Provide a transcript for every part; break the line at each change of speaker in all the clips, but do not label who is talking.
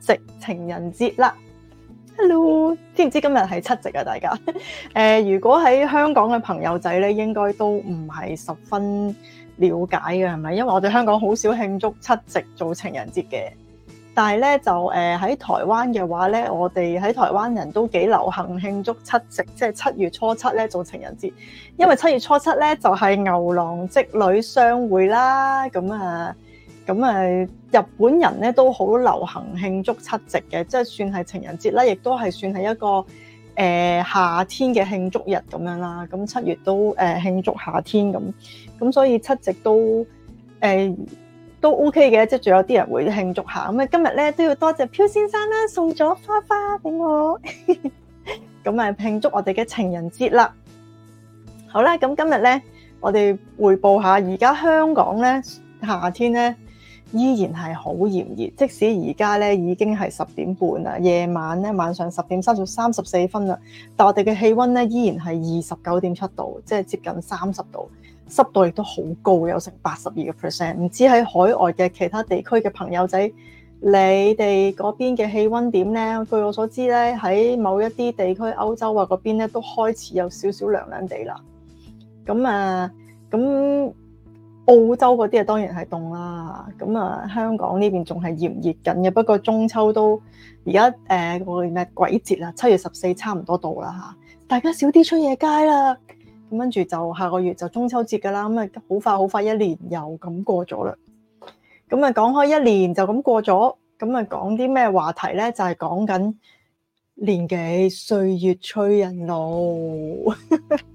七夕情人節啦，Hello，知唔知今日係七夕啊？大家，誒、呃，如果喺香港嘅朋友仔咧，應該都唔係十分了解嘅，係咪？因為我哋香港好少慶祝七夕做情人節嘅。但係咧就誒喺、呃、台灣嘅話咧，我哋喺台灣人都幾流行慶祝七夕，即係七月初七咧做情人節，因為七月初七咧就係、是、牛郎織女相會啦，咁啊～咁啊，日本人咧都好流行慶祝七夕嘅，即係算係情人節啦，亦都係算係一個誒、呃、夏天嘅慶祝日咁樣啦。咁七月都誒、呃、慶祝夏天咁，咁所以七夕都誒、呃、都 OK 嘅，即係仲有啲人會慶祝下。咁啊，今日咧都要多謝，謝漂先生啦，送咗花花俾我，咁 啊慶祝我哋嘅情人節啦。好啦，咁今日咧我哋彙報下而家香港咧夏天咧。依然係好炎熱，即使而家咧已經係十點半啦，夜晚咧晚上十點三十三十四分啦，但我哋嘅氣温咧依然係二十九點七度，即係接近三十度，濕度亦都好高，有成八十二個 percent。唔知喺海外嘅其他地區嘅朋友仔，你哋嗰邊嘅氣温點咧？據我所知咧，喺某一啲地區歐洲啊嗰邊咧都開始有少少涼涼地啦。咁啊，咁。澳洲嗰啲啊，當然係凍啦。咁啊，香港呢邊仲係炎熱緊嘅。不過中秋都而家誒個咩鬼節啊？七月十四差唔多到啦嚇，大家少啲出夜街啦。咁跟住就下個月就中秋節噶啦。咁啊，好快好快一年又咁過咗啦。咁啊，講開一年就咁過咗。咁啊，講啲咩話題咧？就係、是、講緊年紀，歲月催人老。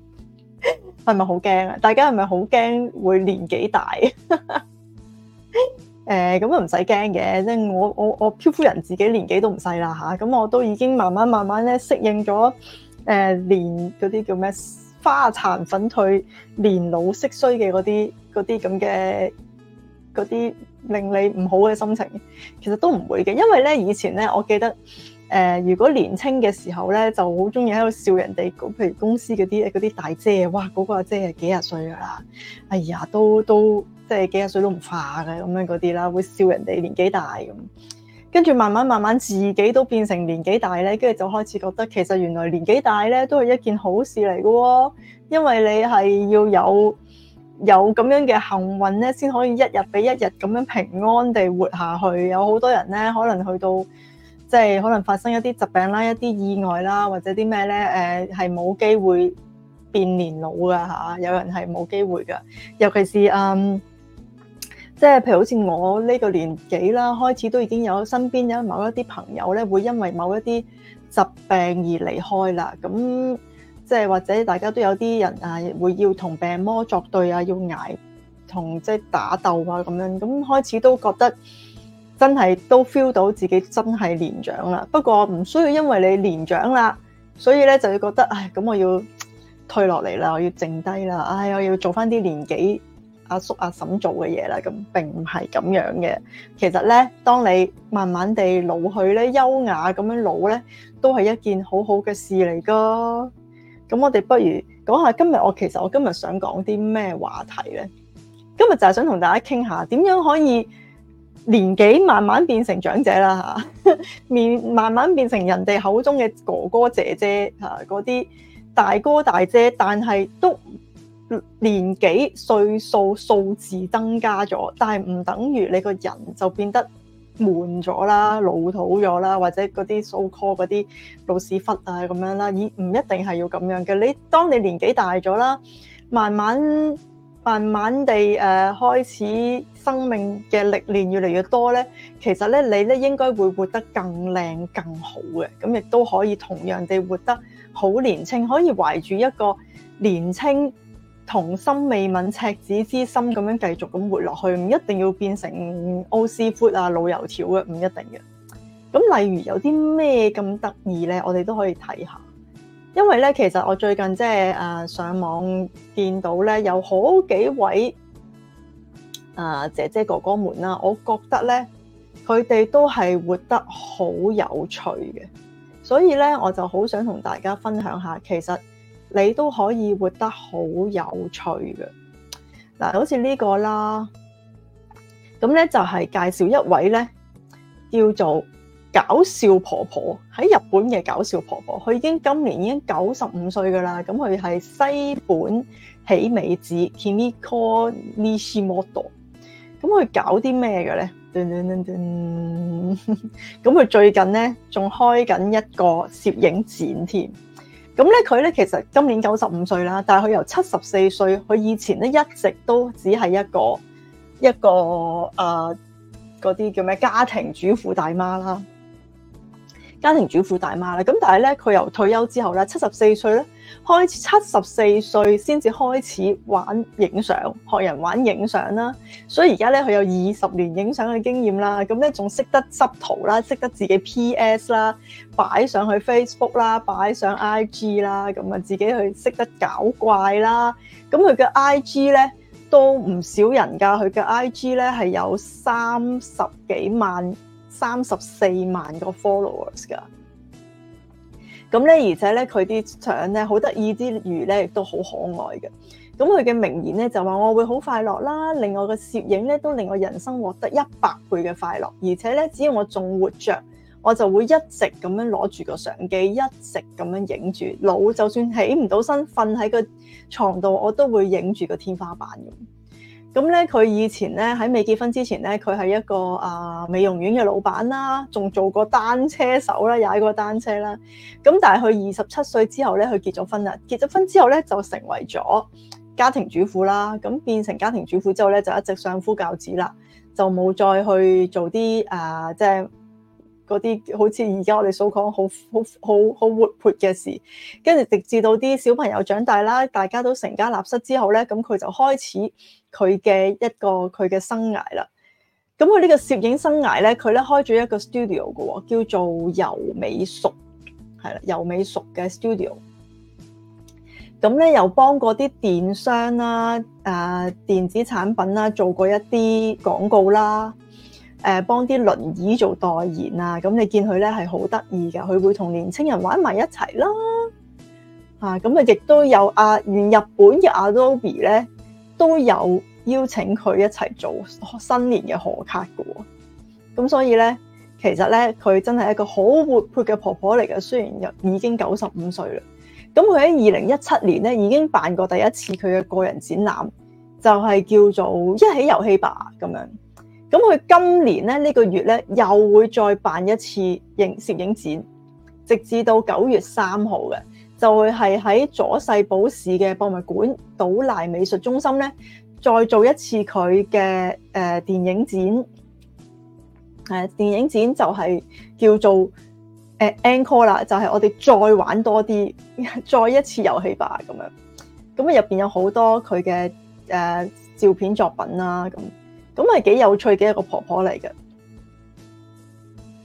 係咪好驚啊？大家係咪好驚會年紀大？誒、 呃，咁啊唔使驚嘅，即係我我我漂夫人自己年紀都唔細啦吓，咁、啊、我都已經慢慢慢慢咧適應咗誒，年嗰啲叫咩花殘粉退，年老色衰嘅嗰啲嗰啲咁嘅嗰啲令你唔好嘅心情，其實都唔會嘅，因為咧以前咧我記得。誒、呃，如果年青嘅時候咧，就好中意喺度笑人哋，譬如公司嗰啲啲大姐哇，嗰、嗰個阿姐係幾廿歲噶啦，哎呀，都都即係幾廿歲都唔化嘅咁樣嗰啲啦，會笑人哋年紀大咁，跟住慢慢慢慢自己都變成年紀大咧，跟住就開始覺得其實原來年紀大咧都係一件好事嚟嘅喎，因為你係要有有咁樣嘅幸運咧，先可以一日比一日咁樣平安地活下去。有好多人咧，可能去到。即係可能發生一啲疾病啦、一啲意外啦，或者啲咩咧？誒係冇機會變年老㗎吓，有人係冇機會㗎。尤其是嗯，即係譬如好似我呢個年紀啦，開始都已經有身邊有某一啲朋友咧，會因為某一啲疾病而離開啦。咁即係或者大家都有啲人啊，會要同病魔作對啊，要捱同即係打鬥啊咁樣。咁開始都覺得。真係都 feel 到自己真係年長啦，不過唔需要因為你年長啦，所以咧就要覺得唉，咁我要退落嚟啦，我要靜低啦，唉，我要做翻啲年紀阿叔阿嬸做嘅嘢啦。咁並唔係咁樣嘅。其實咧，當你慢慢地老去咧，優雅咁樣老咧，都係一件很好好嘅事嚟噶。咁我哋不如講下今日我其實我今日想講啲咩話題咧？今日就係想同大家傾下點樣可以。年紀慢慢變成長者啦嚇，面慢慢變成人哋口中嘅哥哥姐姐嚇，嗰啲大哥大姐，但係都年紀歲數數字增加咗，但係唔等於你個人就變得悶咗啦、老土咗啦，或者嗰啲 so call 嗰啲老屎忽啊咁樣啦。而唔一定係要咁樣嘅。你當你年紀大咗啦，慢慢。慢慢地誒、呃、開始生命嘅歷練越嚟越多咧，其實咧你咧應該會活得更靚更好嘅，咁亦都可以同樣地活得好年青，可以懷住一個年青童心未泯、赤子之心咁樣繼續咁活落去，唔一定要變成老屎忽啊老油條嘅，唔一定嘅。咁例如有啲咩咁得意咧，我哋都可以睇下。因為咧，其實我最近即係啊上網見到咧，有好幾位啊姐姐哥哥們啦，我覺得咧，佢哋都係活得好有趣嘅，所以咧，我就好想同大家分享下，其實你都可以活得好有趣嘅。嗱、這個，好似呢個啦，咁咧就係介紹一位咧，叫做，搞笑婆婆，喺日本嘅搞笑婆婆，佢已經今年已經九十五歲㗎啦。咁佢係西本喜美子 （Kimiko Nishimoto）。咁佢搞啲咩嘅咧？咁佢 最近咧仲開緊一個攝影展添。咁咧佢咧其實今年九十五歲啦，但係佢由七十四歲，佢以前咧一直都只係一個一個誒嗰啲叫咩家庭主婦大媽啦。家庭主婦大媽啦，咁但係咧，佢由退休之後咧，七十四歲咧，開始七十四歲先至開始玩影相，學人玩影相啦。所以而家咧，佢有二十年影相嘅經驗啦，咁咧仲識得執圖啦，識得自己 PS 啦，擺上去 Facebook 啦，擺上 IG 啦，咁啊自己去識得搞怪啦。咁佢嘅 IG 咧都唔少人㗎，佢嘅 IG 咧係有三十幾萬。三十四萬個 followers 噶，咁咧，而且咧，佢啲相咧好得意之餘咧，亦都好可愛嘅。咁佢嘅名言咧就話：我會好快樂啦！另外個攝影咧都令我人生獲得一百倍嘅快樂。而且咧，只要我仲活着，我就會一直咁樣攞住個相機，一直咁樣影住。老就算起唔到身，瞓喺個床度，我都會影住個天花板咁。咁咧，佢以前咧喺未結婚之前咧，佢係一個啊美容院嘅老闆啦，仲做過單車手啦，踩過單車啦。咁但係佢二十七歲之後咧，佢結咗婚啦。結咗婚之後咧，就成為咗家庭主婦啦。咁變成家庭主婦之後咧，就一直相夫教子啦，就冇再去做啲啊即係。呃就係嗰啲好似而家我哋所講好好好好活潑嘅事，跟住直至到啲小朋友長大啦，大家都成家立室之後咧，咁佢就開始佢嘅一個佢嘅生涯啦。咁佢呢個攝影生涯咧，佢咧開咗一個 studio 嘅，叫做柔美熟，係啦，柔美熟嘅 studio。咁咧又幫嗰啲電商啦、啊、誒、啊、電子產品啦、啊、做過一啲廣告啦、啊。誒，幫啲輪椅做代言啊！咁你見佢咧係好得意嘅，佢會同年青人玩埋一齊啦。吓咁啊，亦都有啊，原日本嘅 Adobe 咧，都有邀請佢一齊做新年嘅賀卡喎。咁所以咧，其實咧，佢真係一個好活潑嘅婆婆嚟嘅。雖然已經九十五歲啦，咁佢喺二零一七年咧已經辦過第一次佢嘅個人展覽，就係叫做一起遊戲吧咁樣。咁佢今年咧呢，呢個月咧又會再辦一次影攝影展，直至到九月三號嘅，就會係喺佐世保市嘅博物館島瀨美術中心咧，再做一次佢嘅誒電影展，誒、呃、電影展就係叫做誒 Encore 啦，呃、ora, 就係我哋再玩多啲，再一次遊戲吧咁樣。咁入面有好多佢嘅、呃、照片作品啦咁。咁係幾有趣嘅一個婆婆嚟嘅，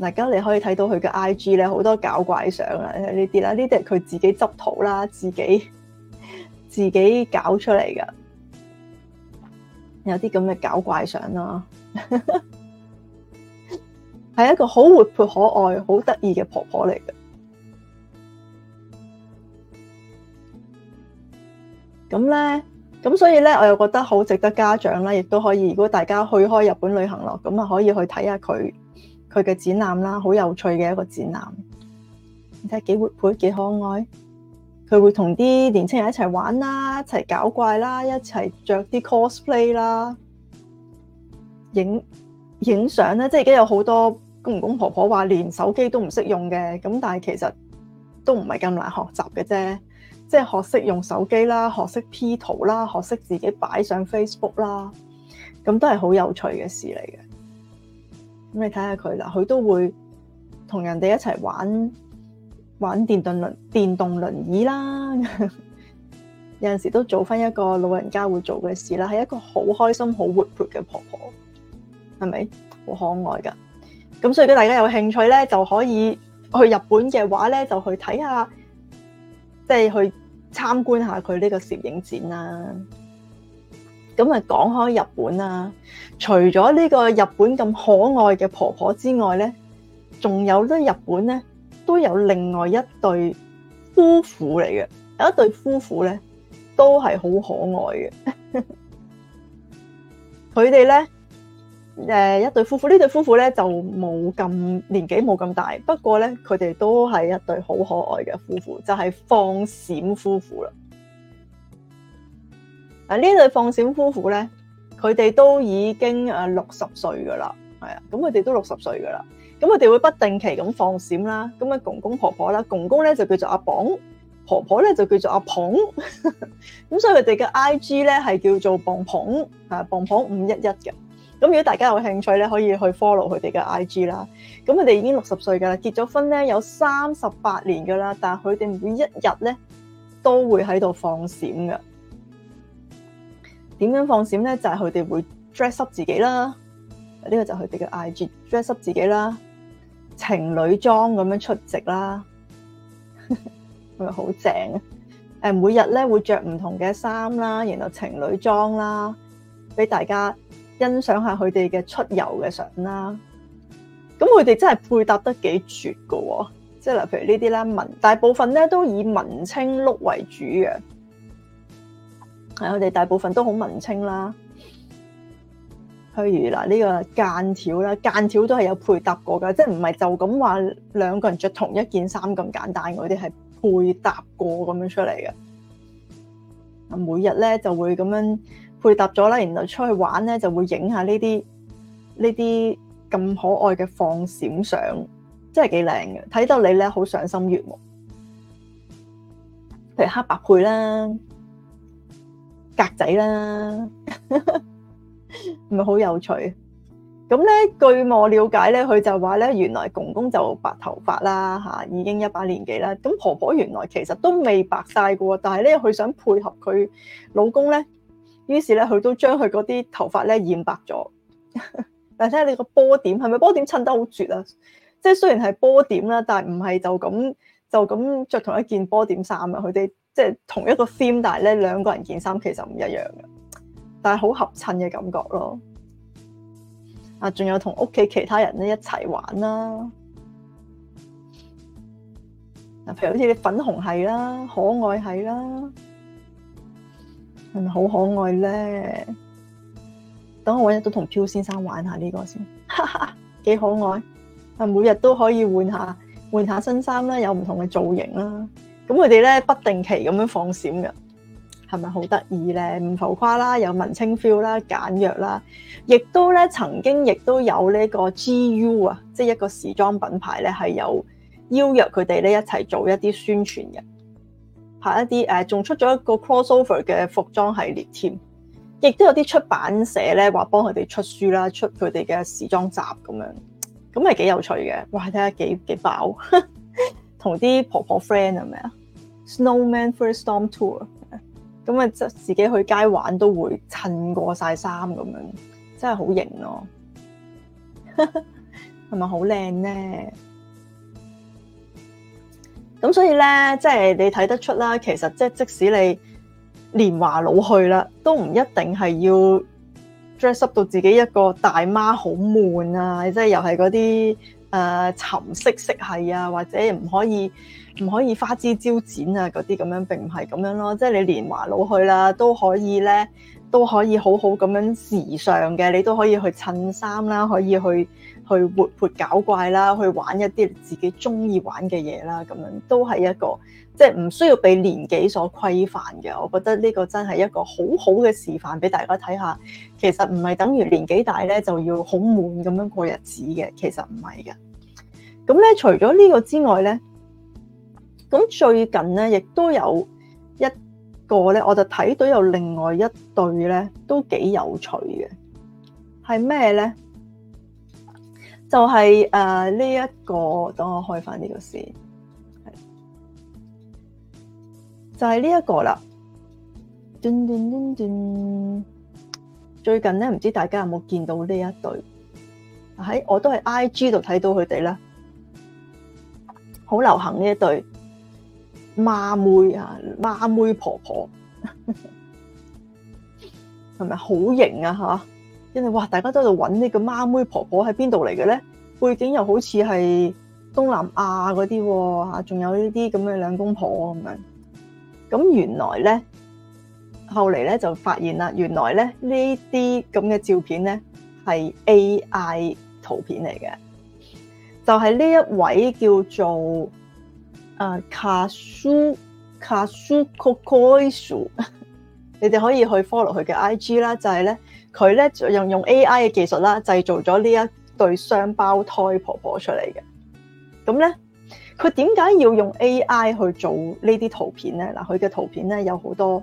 嗱，而家你可以睇到佢嘅 IG 咧，好多搞怪相啦，呢啲啦，呢啲係佢自己執圖啦，自己自己搞出嚟噶，有啲咁嘅搞怪相啦，係 一個好活潑可愛、好得意嘅婆婆嚟嘅，咁咧。咁所以咧，我又覺得好值得家長啦，亦都可以。如果大家去開日本旅行咯，咁啊可以去睇下佢佢嘅展覽啦，好有趣嘅一個展覽。睇幾活潑，幾可愛。佢會同啲年青人一齊玩啦，一齊搞怪啦，一齊着啲 cosplay 啦，影影相咧。即係而家有好多公公婆婆話連手機都唔識用嘅，咁但係其實都唔係咁難學習嘅啫。即係學識用手機啦，學識 P 圖啦，學識自己擺上 Facebook 啦，咁都係好有趣嘅事嚟嘅。咁你睇下佢啦，佢都會同人哋一齊玩玩電動輪電動輪椅啦， 有陣時都做翻一個老人家會做嘅事啦，係一個好開心、好活潑嘅婆婆，係咪？好可愛㗎。咁所以如果大家有興趣咧，就可以去日本嘅話咧，就去睇下，即係去。參觀下佢呢個攝影展啦，咁啊講開日本啦，除咗呢個日本咁可愛嘅婆婆之外咧，仲有咧日本咧都有另外一對夫婦嚟嘅，有一對夫婦咧都係好可愛嘅，佢哋咧。誒一對夫婦，呢對夫婦咧就冇咁年紀冇咁大，不過咧佢哋都係一對好可愛嘅夫婦，就係、是、放閃夫婦啦。啊，呢對放閃夫婦咧，佢哋都已經啊六十歲噶啦，係啊，咁佢哋都六十歲噶啦，咁佢哋會不定期咁放閃啦，咁啊公公婆婆啦，公公咧就叫做阿捧，婆婆咧就叫做阿捧，咁 所以佢哋嘅 I G 咧係叫做棒捧，係啊棒捧五一一嘅。咁如果大家有興趣咧，可以去 follow 佢哋嘅 IG 啦。咁佢哋已經六十歲噶啦，結咗婚咧有三十八年噶啦，但係佢哋每一日咧都會喺度放閃噶。點樣放閃咧？就係佢哋會 dress up 自己啦。呢個就係佢哋嘅 IG dress up 自己啦，情侶裝咁樣出席啦，咁咪好正啊。誒，每日咧會着唔同嘅衫啦，然後情侶裝啦，俾大家。欣賞下佢哋嘅出遊嘅相啦，咁佢哋真係配搭得幾絕噶喎！即係嗱，譬如呢啲啦文，大部分咧都以文青 look 為主嘅，係我哋大部分都好文青啦。譬如嗱呢個間條啦，間條都係有配搭過噶，即係唔係就咁話兩個人着同一件衫咁簡單嗰啲，係配搭過咁樣出嚟嘅。每日咧就會咁樣。配搭咗啦，然後出去玩咧就會影下呢啲呢啲咁可愛嘅放閃相，真係幾靚嘅，睇到你咧好賞心悅目喎。譬如黑白配啦，格仔啦，唔係好有趣。咁咧據我了解咧，佢就話咧，原來公公就白頭髮啦嚇，已經一把年紀啦。咁婆婆原來其實都未白晒嘅，但係咧佢想配合佢老公咧。於是咧，佢都將佢嗰啲頭髮咧染白咗。 但睇下你個波點，係咪波點襯得好絕啊？即係雖然係波點啦，但唔係就咁就咁著同一件波點衫啊。佢哋即係同一個 theme，但係咧兩個人件衫其實唔一樣嘅，但係好合襯嘅感覺咯。啊，仲有同屋企其他人咧一齊玩啦。啊，譬如好似你粉紅係啦，可愛係啦。係咪好可愛咧？等我一都同漂先生玩下呢個先，哈哈，幾可愛！啊，每日都可以換下換下新衫啦，有唔同嘅造型啦。咁佢哋咧不定期咁樣放閃嘅，係咪好得意咧？唔浮誇啦，有文青 feel 啦，簡約啦，亦都咧曾經亦都有呢個 GU 啊，即係一個時裝品牌咧，係有邀約佢哋咧一齊做一啲宣傳嘅。拍一啲誒，仲出咗一個 crossover 嘅服裝系列添，亦都有啲出版社咧話幫佢哋出書啦，出佢哋嘅時裝集。咁樣，咁係幾有趣嘅。哇，睇下幾幾爆，同 啲婆婆 friend 係咪啊？Snowman First Storm Tour，咁啊，即自己去街玩都會襯過晒衫咁樣，真係好型咯，哦，係咪好靚咧？咁所以咧，即係你睇得出啦。其實即係即使你年華老去啦，都唔一定係要 dress up 到自己一個大媽好悶啊！即係又係嗰啲誒沉色色系啊，或者唔可以唔可以花枝招展啊嗰啲咁樣並唔係咁樣咯。即係你年華老去啦，都可以咧，都可以好好咁樣時尚嘅，你都可以去襯衫啦，可以去。去活潑搞怪啦，去玩一啲自己中意玩嘅嘢啦，咁樣都係一個即係唔需要被年紀所規範嘅。我覺得呢個真係一個好好嘅示範俾大家睇下。其實唔係等於年紀大咧就要好悶咁樣過日子嘅，其實唔係嘅。咁咧，除咗呢個之外咧，咁最近咧亦都有一個咧，我就睇到有另外一對咧都幾有趣嘅，係咩咧？是呃、是就是這呢一個，等我開翻這呢個線，就是呢一個啦。最近呢不唔知道大家有冇有、哎、見到呢這一對我都係 I G 度睇到佢哋啦，好流行呢一對媽妹啊，媽妹婆婆呵呵是不咪好型啊？吓！因為哇，大家都喺度揾呢個媽妹婆婆喺邊度嚟嘅咧？背景又好似係東南亞嗰啲喎，仲有呢啲咁嘅兩公婆咁樣。咁原來咧，後嚟咧就發現啦，原來咧呢啲咁嘅照片咧係 AI 圖片嚟嘅，就係、是、呢一位叫做啊 kasukasu kokoyu 你哋可以去 follow 佢嘅 IG 啦，就係、是、咧。佢咧就用用 AI 嘅技術啦，製造咗呢一對雙胞胎婆婆出嚟嘅。咁咧，佢點解要用 AI 去做呢啲圖片咧？嗱，佢嘅圖片咧有好多，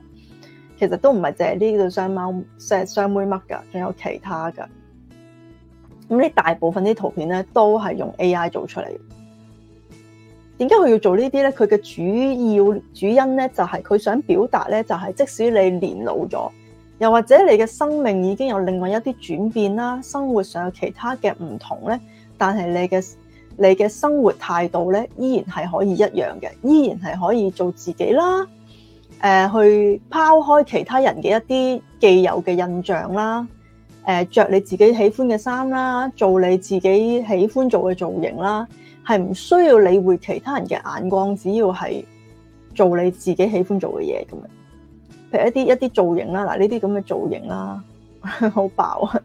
其實都唔係淨係呢對雙胞雙雙妹嘜㗎，仲有其他㗎。咁呢大部分啲圖片咧都係用 AI 做出嚟。點解佢要做呢啲咧？佢嘅主要主因咧就係佢想表達咧，就係即使你年老咗。又或者你嘅生命已經有另外一啲轉變啦，生活上有其他嘅唔同咧，但係你嘅你嘅生活態度咧依然係可以一樣嘅，依然係可以做自己啦。誒、呃，去拋開其他人嘅一啲既有嘅印象啦，誒、呃，着你自己喜歡嘅衫啦，做你自己喜歡做嘅造型啦，係唔需要理會其他人嘅眼光，只要係做你自己喜歡做嘅嘢咁樣。譬如一啲一啲造型啦，嗱呢啲咁嘅造型啦，好 爆啊！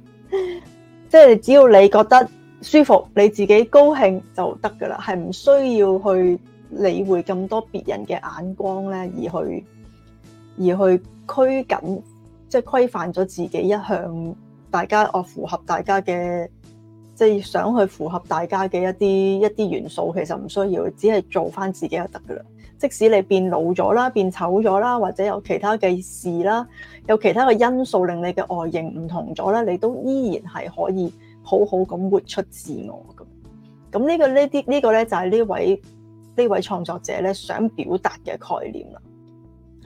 即係只要你覺得舒服，你自己高興就得噶啦，係唔需要去理會咁多別人嘅眼光咧，而去而去拘謹，即係規範咗自己一向大家哦符合大家嘅，即係想去符合大家嘅一啲一啲元素，其實唔需要，只係做翻自己就得噶啦。即使你變老咗啦、變醜咗啦，或者有其他嘅事啦，有其他嘅因素令你嘅外形唔同咗啦，你都依然係可以好好咁活出自我咁。咁呢、呢個呢啲呢個咧，呢個、就係呢位呢位創作者咧想表達嘅概念啦。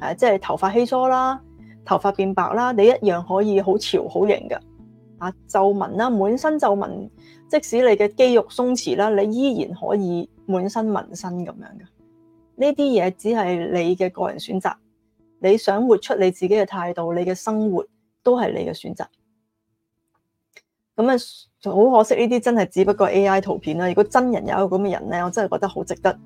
誒、啊，即係頭髮稀疏啦、頭髮變白啦，你一樣可以好潮好型嘅。啊，皺紋啦，滿身皺紋，即使你嘅肌肉鬆弛啦，你依然可以滿身紋身咁樣嘅。呢啲嘢只係你嘅個人選擇，你想活出你自己嘅態度，你嘅生活都係你嘅選擇。咁啊，好可惜呢啲真係只不過 AI 圖片啦。如果真人有一個咁嘅人咧，我真係覺得好值得，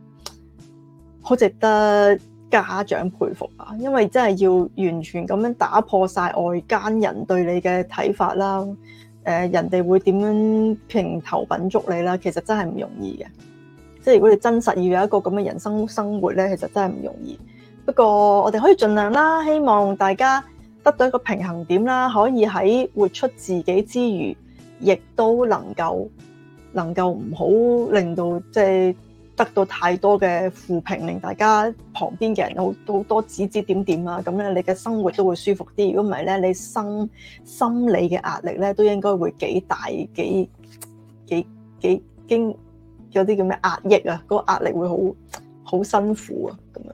好值得家長佩服啊！因為真係要完全咁樣打破晒外間人對你嘅睇法啦，誒、呃，人哋會點樣評頭品足你啦？其實真係唔容易嘅。即係如果你真實要有一個咁嘅人生生活咧，其實真係唔容易。不過我哋可以盡量啦，希望大家得到一個平衡點啦，可以喺活出自己之餘，亦都能夠能夠唔好令到即係得到太多嘅負評，令大家旁邊嘅人好好多指指點點啊。咁樣，你嘅生活都會舒服啲。如果唔係咧，你心心理嘅壓力咧都應該會幾大、幾幾幾經。有啲咁嘅壓抑啊，嗰個壓力會好好辛苦啊，咁樣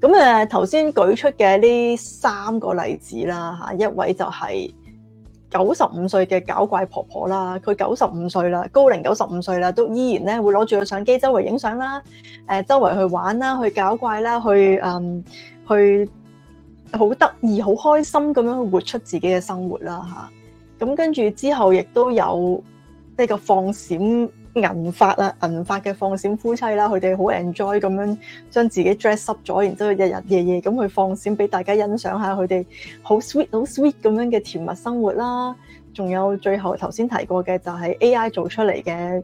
咁誒頭先舉出嘅呢三個例子啦，嚇一位就係九十五歲嘅搞怪婆婆啦，佢九十五歲啦，高齡九十五歲啦，都依然咧會攞住個相機周圍影相啦，誒周圍去玩啦，去搞怪啦，去嗯去好得意、好開心咁樣活出自己嘅生活啦，嚇咁跟住之後亦都有呢個放閃，銀髮啊，銀髮嘅放閃夫妻啦，佢哋好 enjoy 咁樣將自己 dress up 咗，然之後日日夜夜咁去放閃俾大家欣賞下，佢哋好 sweet 好 sweet 咁樣嘅甜蜜生活啦。仲有最後頭先提過嘅就係 AI 做出嚟嘅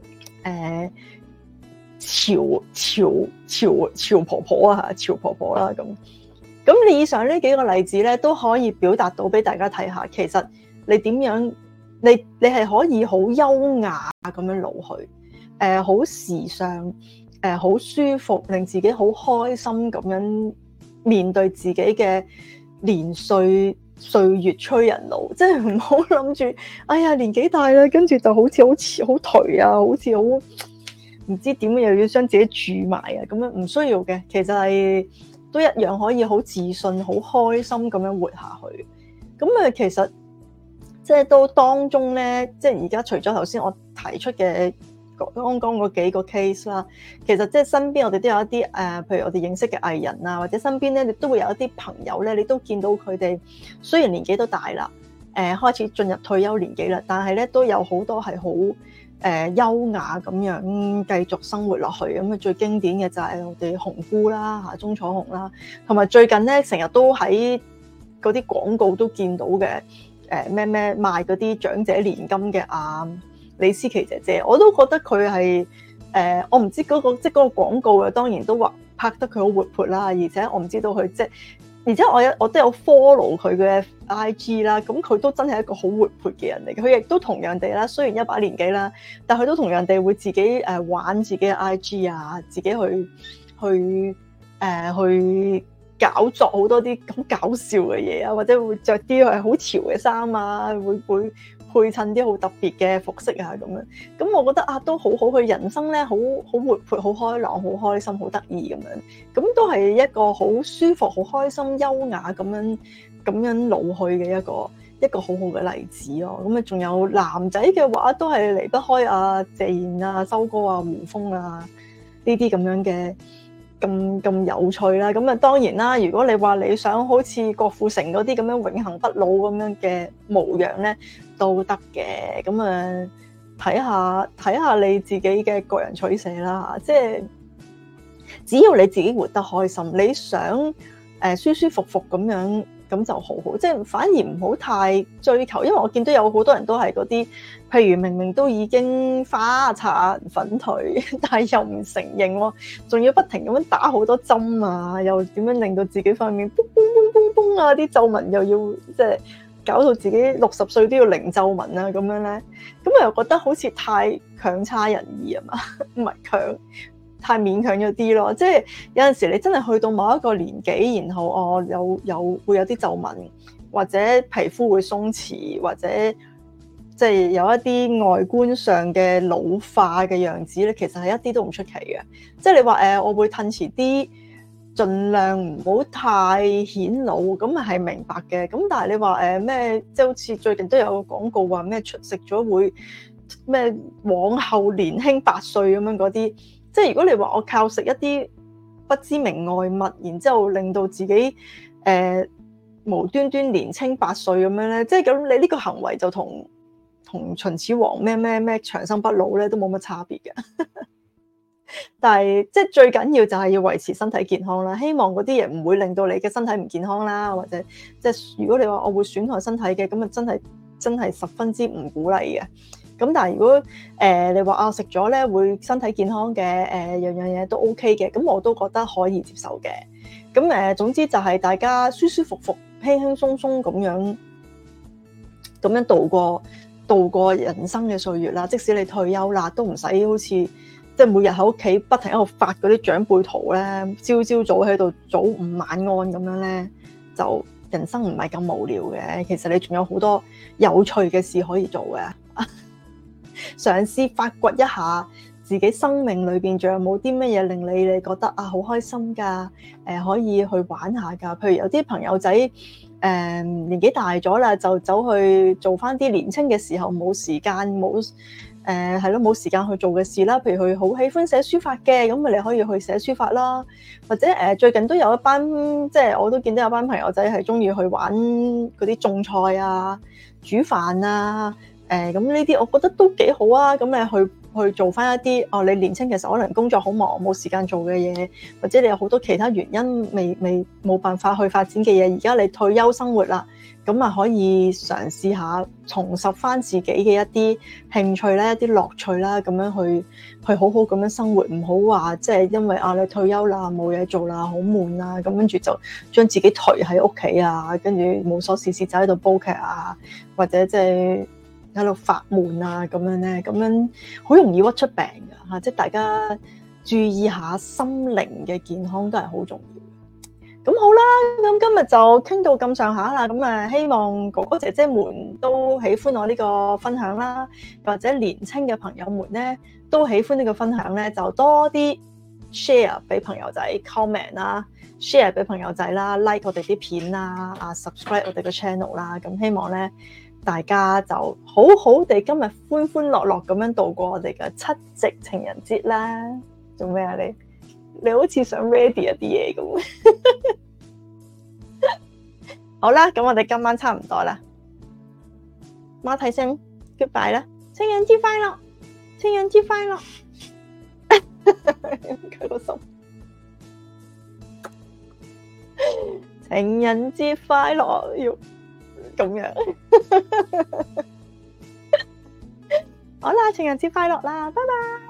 誒，潮潮潮潮婆婆啊，潮婆婆啦咁。咁你以上呢幾個例子咧，都可以表達到俾大家睇下，其實你點樣，你你係可以好優雅咁樣老去。誒好、呃、時尚，誒、呃、好舒服，令自己好開心咁樣面對自己嘅年歲，歲月催人老，即係唔好諗住，哎呀年紀大啦，跟住就好似好似好頹啊，好似好唔知點樣又要將自己住埋啊，咁樣唔需要嘅，其實係都一樣可以好自信、好開心咁樣活下去。咁啊、呃，其實即係都當中咧，即係而家除咗頭先我提出嘅。剛剛嗰幾個 case 啦，其實即係身邊我哋都有一啲誒、呃，譬如我哋認識嘅藝人啊，或者身邊咧，都會有一啲朋友咧，你都見到佢哋雖然年紀都大啦，誒、呃、開始進入退休年紀啦，但係咧都有好多係好誒優雅咁樣繼續生活落去。咁、嗯、啊最經典嘅就係我哋紅姑啦，嚇，鍾楚紅啦，同埋最近咧成日都喺嗰啲廣告都見到嘅誒咩咩賣嗰啲長者年金嘅啊。李思琪姐姐，我都覺得佢係誒，我唔知嗰、嗰個即係個廣告啊，當然都話拍得佢好活潑啦。而且我唔知道佢即係，而且我有我都有 follow 佢嘅 IG 啦。咁佢都真係一個好活潑嘅人嚟，佢亦都同樣地啦。雖然一把年紀啦，但係佢都同樣地會自己誒、呃、玩自己嘅 IG 啊，自己去去誒、呃、去搞作好多啲咁搞笑嘅嘢啊，或者會着啲係好潮嘅衫啊，會會。配襯啲好特別嘅服飾啊，咁樣，咁我覺得啊，都好好佢人生咧，好好活潑、好開朗、好開心、好得意咁樣，咁都係一個好舒服、好開心、優雅咁樣咁樣老去嘅一個一個好好嘅例子咯。咁啊，仲有男仔嘅話，都係離不開阿、啊、謝賢啊、周哥啊、胡楓啊呢啲咁樣嘅。咁咁有趣啦！咁啊當然啦，如果你話你想好似郭富城嗰啲咁樣永恆不老咁樣嘅模樣咧，都得嘅。咁啊，睇下睇下你自己嘅個人取捨啦，即係只要你自己活得開心，你想誒、呃、舒舒服服咁樣。咁就好好，即係反而唔好太追求，因為我見到有好多人都係嗰啲，譬如明明都已經花殘粉褪，但係又唔承認喎，仲要不停咁樣打好多針啊，噴噴噴噴噴啊，又點樣令到自己塊面嘣嘣嘣嘣嘣啊，啲皺紋又要即係搞到自己六十歲都要零皺紋啊咁樣咧，咁我又覺得好似太強差人意啊嘛，唔係強。太勉強咗啲咯，即係有陣時你真係去到某一個年紀，然後我、哦、有有會有啲皺紋，或者皮膚會鬆弛，或者即係、就是、有一啲外觀上嘅老化嘅樣子咧，其實係一啲都唔出奇嘅。即係你話誒、呃，我會褪遲啲，盡量唔好太顯老，咁係明白嘅。咁但係你話誒咩？即係好似最近都有個廣告話咩出食咗會咩往後年輕八歲咁樣嗰啲。即係如果你話我靠食一啲不知名外物，然之後令到自己誒、呃、無端端年青百歲咁樣咧，即係咁你呢個行為就同同秦始皇咩咩咩長生不老咧都冇乜差別嘅。 但係即係最緊要就係要維持身體健康啦。希望嗰啲嘢唔會令到你嘅身體唔健康啦，或者即係如果你話我會損害身體嘅，咁啊真係真係十分之唔鼓勵嘅。咁但係，如果誒、呃、你話啊食咗咧，會身體健康嘅誒、呃、樣樣嘢都 OK 嘅，咁我都覺得可以接受嘅。咁誒、呃、總之就係大家舒舒服服、輕輕鬆鬆咁樣咁樣度過度過人生嘅歲月啦。即使你退休啦，都唔使好似即係每日喺屋企不停喺度發嗰啲長輩圖咧，朝朝早喺度早午晚安咁樣咧，就人生唔係咁無聊嘅。其實你仲有好多有趣嘅事可以做嘅。嘗試發掘一下自己生命裏邊仲有冇啲乜嘢令你哋覺得啊好開心噶？誒，可以去玩下噶。譬如有啲朋友仔誒、呃、年紀大咗啦，就走去做返啲年輕嘅時候冇時間冇誒係咯，冇時間去做嘅事啦。譬如佢好喜歡寫書法嘅，咁咪你可以去寫書法啦。或者誒、呃，最近都有一班即係我都見到有班朋友仔係中意去玩嗰啲種菜啊、煮飯啊。誒咁呢啲，哎、我覺得都幾好啊！咁你去去做翻一啲哦、啊，你年輕嘅時候可能工作好忙，冇時間做嘅嘢，或者你有好多其他原因未未冇辦法去發展嘅嘢，而家你退休生活啦，咁啊可以嘗試下重拾翻自己嘅一啲興趣啦、一啲樂趣啦，咁樣去去好好咁樣生活，唔好話即係因為啊你退休啦，冇嘢做啦，好悶啊！咁跟住就將自己頹喺屋企啊，跟住無所事事就喺度煲劇啊，或者即係～喺度發悶啊，咁樣咧，咁樣好容易屈出病噶吓，即係大家注意下心靈嘅健康都係好重要。咁好啦，咁今日就傾到咁上下啦，咁啊，希望哥哥姐姐們都喜歡我呢個分享啦，或者年青嘅朋友們咧都喜歡呢個分享咧，就多啲 share 俾朋友仔 comment 啦，share 俾朋友仔啦，like 我哋啲片啦，啊 subscribe 我哋個 channel 啦，咁希望咧。大家就好好哋今日歡歡樂樂咁樣度過我哋嘅七夕情人節啦！做咩啊你？你好似想 ready 一啲嘢咁。 好啦，咁我哋今晚差唔多啦。媽睇聲，goodbye 啦！情人節快樂，情人節快樂。開個心，情人節快樂。 咁這樣， 好啦，情人節快樂啦，拜拜！